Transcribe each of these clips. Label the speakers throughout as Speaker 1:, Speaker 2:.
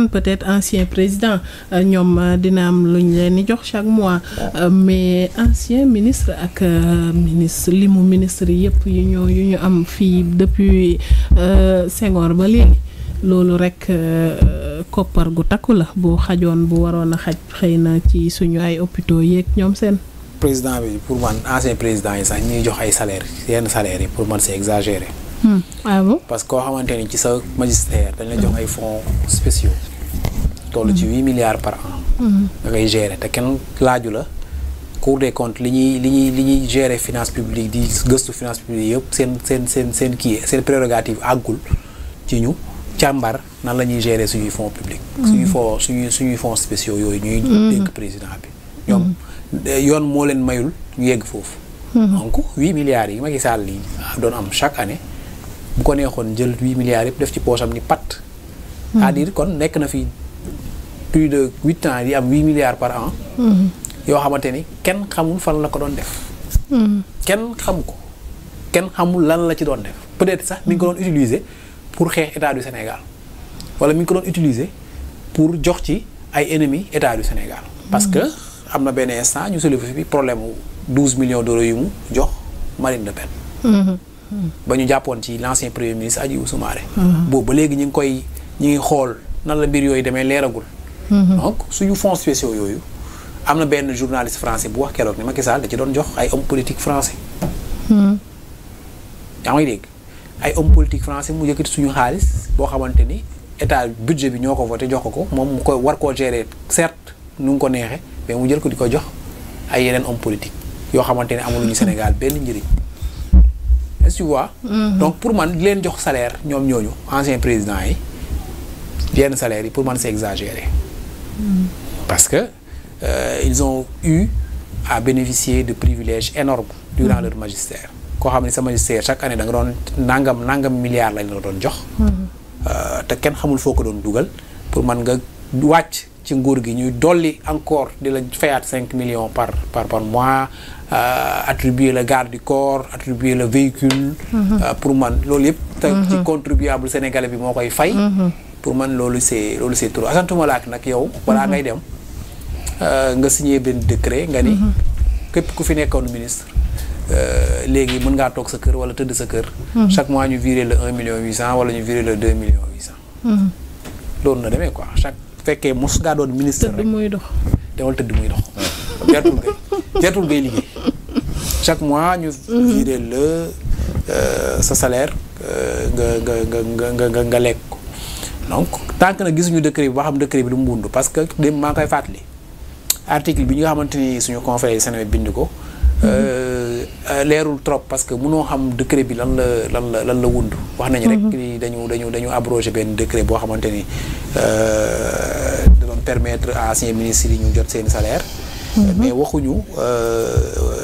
Speaker 1: naan peut-être ancien président euh, ñoom euh, dina am lu ñu leen di jox chaque mois euh, mais ancien ministre ak ministre limu mu ministre yëpp yu ñu yu ñu am fii depuis Senghor ba léegi loolu rek koppar gu takku la bu xajoon bu waroon a xaj xëy na ci suñu ay hôpitaux yeeg ñoom seen.
Speaker 2: président bi pour man ancien président yi sax ñuy jox ay salaire yenn salaires yi pour man c'est exagéré.
Speaker 3: Hmm. Ah
Speaker 2: parce que koo xamante ci sa magistère dañ jox ay fonds spéciaux. toll ci huit milliards par an. Mm-hmm. nga koy gérer te kenn laaju la. Cour des comptes li ñuy li ñuy li ñuy finance publique di gëstu finance publique yëpp seen seen seen seen kii seen prérogative àggul ci ñu càmbar nan la ñuy gérer suñuy fonds publics. Mm-hmm. suñuy fonds spéciaux yooyu. ñuy mm-hmm. dénk président bi. yoon moo leen mayul ñu yegg foofu. donc huit milliards yi Macky Sall yi doon am chaque année bu ko neexoon jël huit milliards yëpp def ci poosam ni pat. cest kon nekk na fi. plus de huit ans di am an. Mm-hmm. yoo xamante ni kenn xamul fan la ko doon def. Mm-hmm. kenn xam ko kenn xamul lan la ci doon def peut-être sax mi ngi ko doon utiliser pour xeex état du Sénégal wala mi ngi ko doon utiliser pour jox ci ay ennemis état du Sénégal. parce que mm-hmm. am na benn instant ñu soulevé fi problème mu douze millions d'euros yu mu jox Marine Le
Speaker 3: Pen.
Speaker 2: ba ñu jàppoon ci l'ancien premier ministre Hadjibou Soumaré. boobu ba léegi ñu ngi koy ñu ngi xool nan la mbir yooyu demee leeragul. donc suñu fonds spéciaux yooyu am na benn journaliste français bu wax keroog ni Macky Sall da ci doon jox ay homme politique français yaa ngi dégg ay homme politique français mu yëkkati suñu xaalis boo xamante ni état budget bi ñoo ko voté jox ko ko moom mu koy war koo gérer certes nu ngi ko neexe mais mu jël ko di ko jox ay yeneen homme politique yoo xamante ne amul ñu Sénégal benn njëriñ est-ce que vois mm-hmm. donc pour man di leen jox salaire ñoom ñooñu ancien président yi yenn salaire yi pour man c'est Parce que euh, ils ont eu à bénéficier de privilèges énormes durant leur magistère. koo xam ne sa magistère chaque année danga nga doon nangam nangam milliards lañ la doon jox. Euh, te kenn xamul foo ko doon dugal pour man nga wàcc ci nguur gi ñuy dolli encore di la fayaat cinq millions par par par mois euh, attribuer la garde du corps attribuer le véhicule. Mm-hmm. Euh, pour man loolu yëpp. te mm-hmm. ci contribuable sénégalais bi moo koy fay. Mm-hmm. pour man loolu c'est loolu c'est trop asantuma laak nag yow. balaa mhm. ngay dem euh, nga signé benn décret nga ni. Mhm. ku fi nekkoon ministre. Euh, léegi mën ngaa toog sa kër wala tëdd sa kër. Mhm. chaque mois ñu viré le un million huit cent wala ñu viré le deux millions huit cent. loolu na demee quoi chaque fekkee mos ngaa doon ministre rek demal tëdd muy dox. jartul ngay jartul ngay liggéey chaque mois ñu viré le euh, sa salaire nga nga nga nga nga lekk donc tant que nag gisuñu décret bi ba xam décret bi lu mu wund parce que démb maa koy fàttali article bi ñu nga xamante ni suñu confrère yi Sénégal bind ko. Euh, euh, leerul trop parce que munoo xam décret bi lan la lan la lan la wund. wax nañu rek mhm. ni dañu dañu dañu abrogé benn décret boo xamante ni euh, da doon permettre à anciens ministres yi ñu jot seen salaire. Mhm. mais waxuñu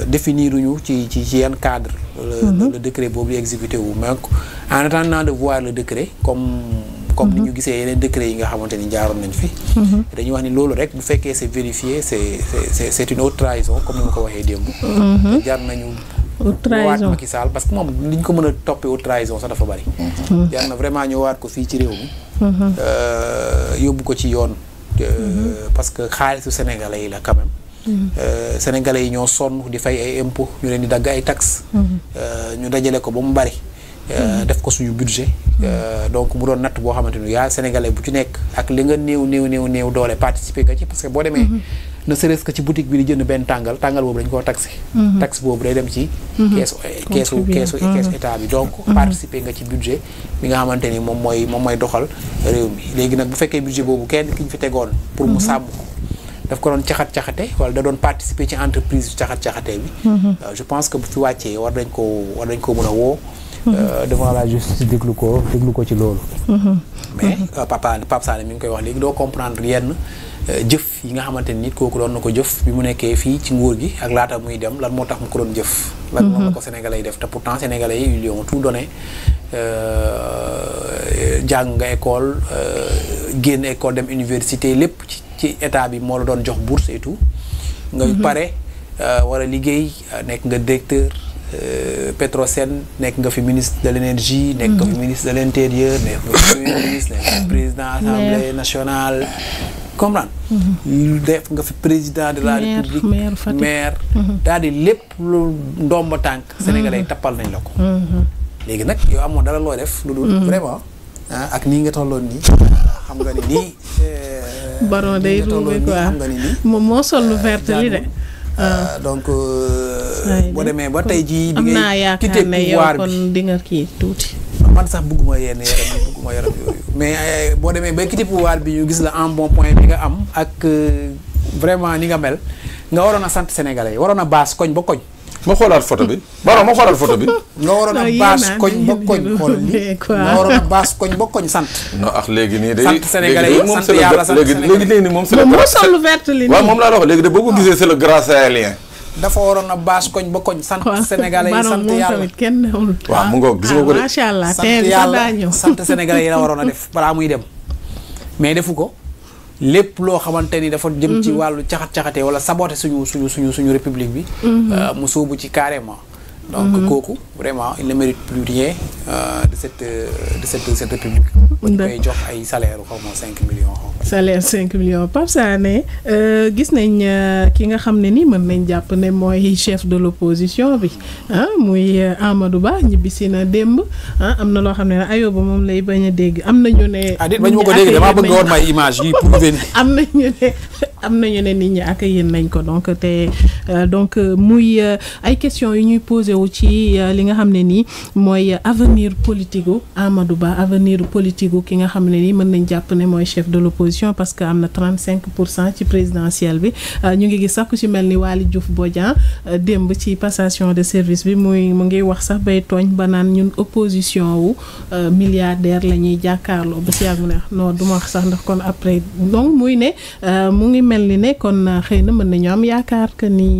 Speaker 2: définiruñu ci ci ci yan cadre. le mhm. décret boobu di exécuté wu mais en attendant de voir le décret comme. comme ni mhm. ñu gisee yeneen décret yi nga xamante ni jaaroon nañ fi mhm. dañuy wax ni loolu rek bu fekkee c'est vérifié c'est c'est c'est une autre trahison comme ni ma ko waxee démb mhm. jaar nañu
Speaker 3: haute trahison Macky
Speaker 2: Sall parce que moom li ñu ko mën a toppee haute trahison sax dafa bari. jar na vraiment ñu waat ko fii ci réew mi. Euh, yóbbu ko ci yoon. Euh, parce que xaalisu sénégalais yi la quand même. Euh, sénégalais yi ñoo sonn di fay ay impôts ñu leen di dagg ay taxes. ñu dajale ko ba mu bari. Euh, def ko suñu budget euh, donc mu doon natt boo xamante yaa sénégalais bu ci nekk ak li nga néew néew néew néew doole participer nga ci parce que boo demee mhm. ne serait-ce que ci boutique bi di jënd benn tàngal tàngal boobu dañ koo taxé mhm. taxe mhm. eh, participer nga ci budget bi nga xamante moom mooy doxal réew mi léegi nag bu fekkee budget boobu kenn ki ñu fi tegoon pour mu sàmm ko daf ko doon caxat-caxate wala da doon participer ci entreprise caxat-caxate bi euh, je pense que fi wàccee war dañ ko war dañ ko mën a woo Euh, devant la justice déglu ko déglu ko ci loolu. Mhm. mais mhm. Euh, papa Pape Sané mi ngi koy wax léegi doo comprendre yenn euh, jëf yi nga xamante nit kooku doon na ko jëf bi mu nekkee fii ci nguur gi ak laata muy dem lan moo tax mu ko doon jëf. lan mhm. moo la ko sénégalais yi def te pourtant sénégalais yi ils ont tout donné jàng nga école génn école dem université lépp ci ci état bi moo la doon jox bourse et tout. nga pare war a liggéey nekk nga directeur. Petrosen nekk nga fi ministre de l' énergie. nekk nga fi mm-hmm. ministre de l' nekk nga fi ministre nekk nga président mm-hmm. nga fi président de la république maire mm-hmm. daal di lépp lu ndomba tànk sénégalais yi tappal nañ la ko léegi nag yow amoon dara def lu dul vraiment ah, ak nii nga tolloon nii xam nga ni nii eh,
Speaker 1: baron day ruube quoi xam nga ni nii moom moo sol lu vert ah, li de Euh, donc euh, boo demee ba tey jii. am naa yaakaar ne yow kon di nga kii tuuti. man
Speaker 2: sax bëgguma yenn yaram yi bëgguma yaram yooyu mais euh, boo demee ba quitté pouvoir bi ñu gis la en bon point bi nga am ak vraiment ni nga mel nga waroon a sant sénégalais yi waroon a baas koñ ba koñ. ma xoolaat photo bi baro ma xoolaat photo bi. nga waroon a baas koñ ba koñ xool li nga sant. non ah léegi nii day sant Sénégalais yi léegi léegi moom. moom moo lu vert li moom laa wax léegi de boo ko ah. gisee c'est le dafa waroon a baas koñ ba koñ. sant Sénégalais yi yàlla kenn demul. waaw mu ngoog gis nga ko de ah, macha allah sant yàlla sant yi la waroon a def balaa muy dem mais defu ko. lépp loo xamante ni dafa jëm ci mhm. wàllu caxat-caxatee wala saboté suñu suñu suñu suñu république bi mhm. euh, mu sóobu ci carrément donc mhm. kooku vraiment il ne mérite plus rien euh, de cette euh, de cette de cette république muñ ba jox ay salaire xaw ma 5 millions.
Speaker 1: salaire 5 millions Pape Sané euh, gis nañ euh, ki nga xam ne ni mën nañ jàpp ne mooy chef de l'opposition bi ah muy euh, Amadou Ba ñibbisi na démb ah am na loo xam ne ayooba moom lay bañ a dégg am na ñu ne. ah déet bañ ma ko dégg damaa bëgg woon may image yi pour. am na ne. am nañu ne nit ñi accueillir nañ ko donc te euh, donc euh, muy euh, ay questions yu ñuy posé wu ci li nga xam ne nii mooy avenir politique gu Ba avenir politique ki nga xam ne nii mën nañ jàpp ne mooy chef de l'opposition parce que am na 35 pour cent ci présidentielle bi ñu ngi gis sax ku ci mel ni Waly Diouf Bodian démb ci passation de service bi muy mu ngiy wax sax bay tooñ ba naan ñun opposition wu milliardaire la ñuy jàkkaarloo ba si yàgg mu ne non du wax sax ndax ko après mel ni nekkoon kon xëy na mën nañu am yaakaar que ni